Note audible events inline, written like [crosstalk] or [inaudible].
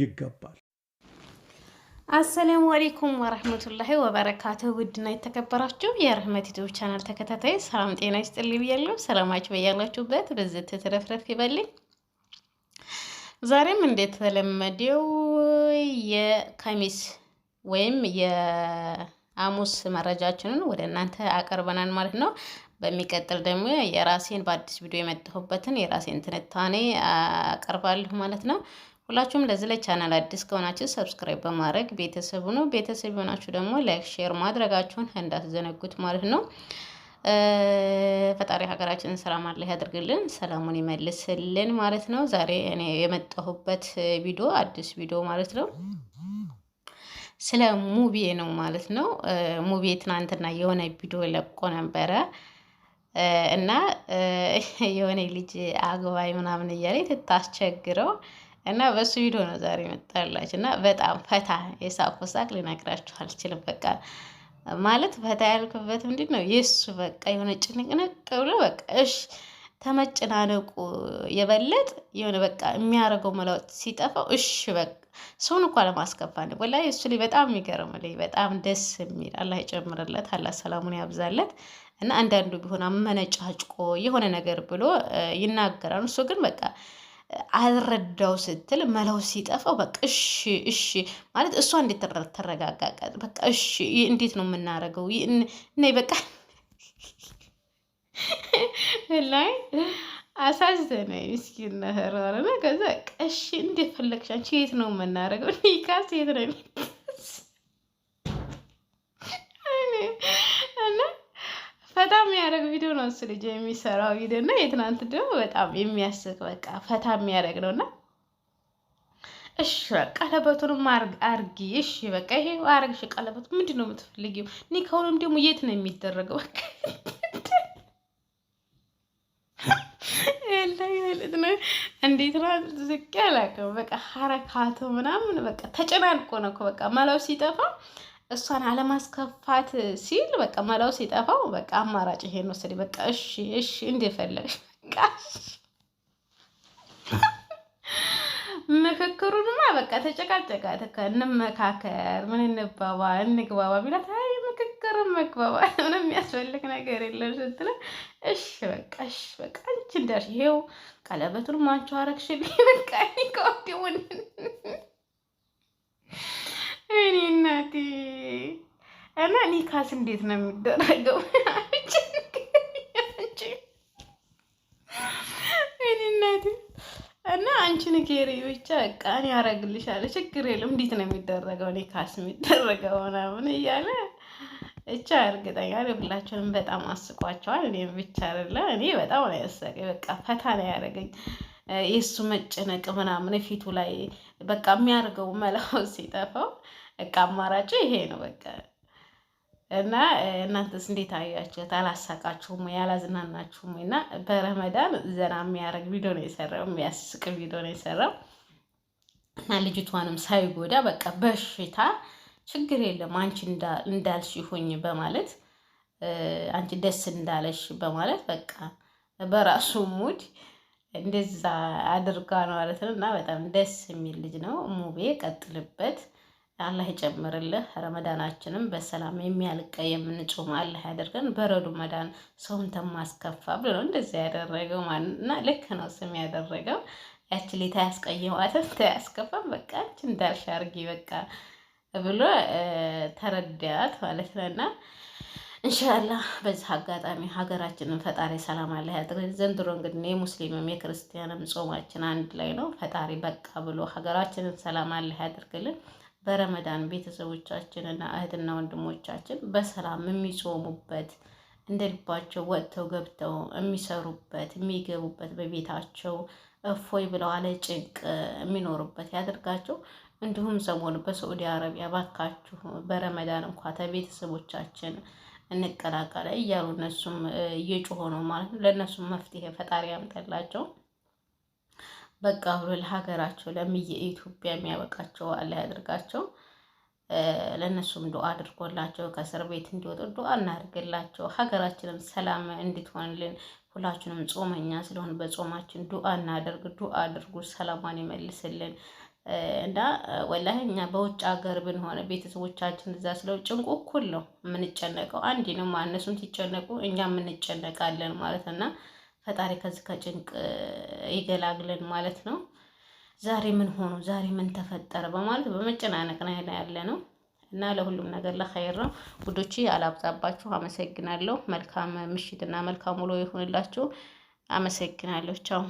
ይገባል። አሰላሙ አሌይኩም ወረህመቱላሂ ወበረካቱ። ውድና የተከበራችሁ የረህመት ዩቱብ ቻናል ተከታታይ ሰላም ጤና ይስጥልኝ ብያለሁ። ሰላማችሁ በያላችሁበት ብዝት ትረፍረፍ ይበልኝ። ዛሬም እንደተለመደው የከሚስ ወይም የአሙስ መረጃችንን ወደ እናንተ አቀርበናል ማለት ነው። በሚቀጥል ደግሞ የራሴን በአዲስ ቪዲዮ የመጣሁበትን የራሴን ትንታኔ አቀርባለሁ ማለት ነው። ሁላችሁም ለዚህ ላይ ቻናል አዲስ ከሆናችሁ ሰብስክራይብ በማድረግ ቤተሰብ ሁኑ። ቤተሰብ የሆናችሁ ደግሞ ላይክ፣ ሼር ማድረጋችሁን እንዳትዘነጉት ማለት ነው። ፈጣሪ ሀገራችንን ሰላም አለ ያድርግልን፣ ሰላሙን ይመልስልን ማለት ነው። ዛሬ እኔ የመጣሁበት ቪዲዮ አዲስ ቪዲዮ ማለት ነው ስለ ሙቤ ነው ማለት ነው። ሙቤ ትናንትና የሆነ ቪዲዮ ለቆ ነበረ እና የሆነ ልጅ አግባይ ምናምን እያለ ትታስቸግረው እና በሱ ቪዲዮ ነው ዛሬ መጣላችሁ እና በጣም ፈታ የሳቁ ሳቅ ሊነግራችሁ አልችልም። በቃ ማለት ፈታ ያልኩበት ምንድን ነው የእሱ በቃ የሆነ ጭንቅንቅ ብሎ በቃ እሽ ተመጭናነቁ የበለጥ የሆነ በቃ የሚያደርገው መለወጥ ሲጠፋው እሽ በቃ ሰውን እኳ ለማስከፋ ነው። ወላሂ እሱ ላይ በጣም የሚገርም ላይ በጣም ደስ የሚል አላህ ይጨምርለት፣ አላህ ሰላሙን ያብዛለት እና አንዳንዱ ቢሆን አመነጫጭቆ የሆነ ነገር ብሎ ይናገራል። እሱ ግን በቃ አልረዳው ስትል መለው ሲጠፋው በቃ እሺ እሺ ማለት እሷ እንዴት ተረጋጋ። በቃ እሺ እንዴት ነው የምናረገው? ነይ በቃ [laughs] ላይ አሳዘነ ምስኪን ነገር አለና ከዛ ቀሺ እንዴት ፈለግሽ አንቺ የት ነው የምናረገው? ኒካስ የት ነው በጣም የሚያደርግ ቪዲዮ ነው እሱ ልጅ የሚሰራው ቪዲዮ እና የትናንት ደግሞ በጣም የሚያስቅ በቃ ፈታ የሚያደርግ ነው እና እሺ ቀለበቱንም አርጊ። እሺ በቃ ይሄ አረግሽ ቀለበቱ ምንድን ነው የምትፈልጊው? ኒካውንም ደግሞ የት ነው የሚደረገው? ማለት ነው እንዴት ነው ዝቅ ያላቀው በቃ ሀረካቱ ምናምን በቃ ተጨናንቆ ነው በቃ መላው ሲጠፋ እሷን አለማስከፋት ሲል በቃ መላው ሲጠፋው በቃ አማራጭ ይሄን ወሰደ። በቃ እሺ እሺ እንደፈለግሽ በቃ ምክክሩንማ በቃ ተጨቃጨቃት። እንመካከር፣ ምን እንባባ፣ እንግባባ ቢላት አይ ምክክርን መግባባ [laughs] ምንም የሚያስፈልግ ነገር የለም ስትለ እሺ በቃ እሺ በቃ አንቺ እንዳልሽ ይሄው ቀለበቱን ማንቹ አረግሽልኝ [laughs] በቃ ከወዲውን እኔ እናቴ እና እኔ ካስ እንዴት ነው የሚደረገው? እና አንቺ ንገሪ ብቻ በቃ እኔ አደርግልሻለሁ፣ ችግር የለም። እንዴት ነው የሚደረገው? እኔ ካስ የሚደረገው ምናምን እያለ እቻ እርግጠኛ ሁላችሁንም በጣም አስቋቸዋል። እኔም ብቻ አይደለ እኔ በጣም ነው ያሳቀኝ። በቃ ፈታ ነው ያደረገኝ የእሱ መጨነቅ ምናምን ፊቱ ላይ በቃ የሚያደርገው መላው ሲጠፋው በቃ አማራጭ ይሄ ነው በቃ እና እናንተስ እንዴት አያችሁት? አላሳቃችሁም ወይ? አላዝናናችሁም ወይ? እና በረመዳን ዘና የሚያደርግ ቪዲዮ ነው የሰራው፣ የሚያስቅ ቪዲዮ ነው የሰራው እና ልጅቷንም ሳይጎዳ በቃ በሽታ ችግር የለም አንቺ እንዳልሽ ይሁኝ በማለት አንቺ ደስ እንዳለሽ በማለት በቃ በራሱ ሙድ እንደዛ አድርጋ ነው ማለት ነው። እና በጣም ደስ የሚል ልጅ ነው። ሙቤ ቀጥልበት። አላህ ይጨምርልህ። ረመዳናችንም በሰላም የሚያልቀ የምንጾም አላህ ያደርገን። በረዱ መዳን ሰውን ተማስከፋ ብሎ ነው ያደረገው ማለት እና ልክ ነው ስም ያደረገው ያችን ሌታ ያስቀየማትን ተያስከፋም በቃ አንቺ እንዳልሽ አድርጊ በቃ ብሎ ተረዳያት ማለት ነው እና በዚህ አጋጣሚ ሀገራችንን ፈጣሪ ሰላም አለ ያድርገን። ዘንድሮ እንግዲህ የሙስሊምም የክርስቲያንም ጾማችን አንድ ላይ ነው። ፈጣሪ በቃ ብሎ ሀገራችንን ሰላም አለ ያድርግልን። በረመዳን ቤተሰቦቻችንና እህትና ወንድሞቻችን በሰላም የሚጾሙበት እንደ ልባቸው ወጥተው ገብተው የሚሰሩበት የሚገቡበት በቤታቸው እፎይ ብለው አለ ጭንቅ የሚኖሩበት ያደርጋቸው። እንዲሁም ሰሞኑ በሳዑዲ አረቢያ ባካችሁ በረመዳን እንኳ ተቤተሰቦቻችን እንቀላቀለ እያሉ እነሱም እየጮሆ ነው ማለት ነው። ለእነሱም መፍትሄ ፈጣሪ ያምጠላቸው። በቃ ብሎ ለሀገራቸው ለምየ ኢትዮጵያ የሚያበቃቸው አለ ያደርጋቸው። ለእነሱም ዱአ አድርጎላቸው ከእስር ቤት እንዲወጡ ዱአ እናድርግላቸው። ሀገራችንም ሰላም እንድትሆንልን ሁላችንም ጾመኛ ስለሆን በጾማችን ዱአ እናደርግ። ዱአ አድርጉ፣ ሰላሟን ይመልስልን እና ወላሂ እኛ በውጭ ሀገር ብንሆነ ቤተሰቦቻችን እዛ ስለው ጭንቁ እኩል ነው የምንጨነቀው። አንድ ነው እነሱም ሲጨነቁ እኛ የምንጨነቃለን ማለት እና ፈጣሪ ከዚህ ከጭንቅ ይገላግልን ማለት ነው። ዛሬ ምን ሆኖ ዛሬ ምን ተፈጠረ በማለት በመጨናነቅ ነው ያለ ነው እና ለሁሉም ነገር ለኸይር ነው ጉዶች። አላብዛባችሁ። አመሰግናለሁ። መልካም ምሽትና መልካም ውሎ ይሁንላችሁ። አመሰግናለሁ። ቻው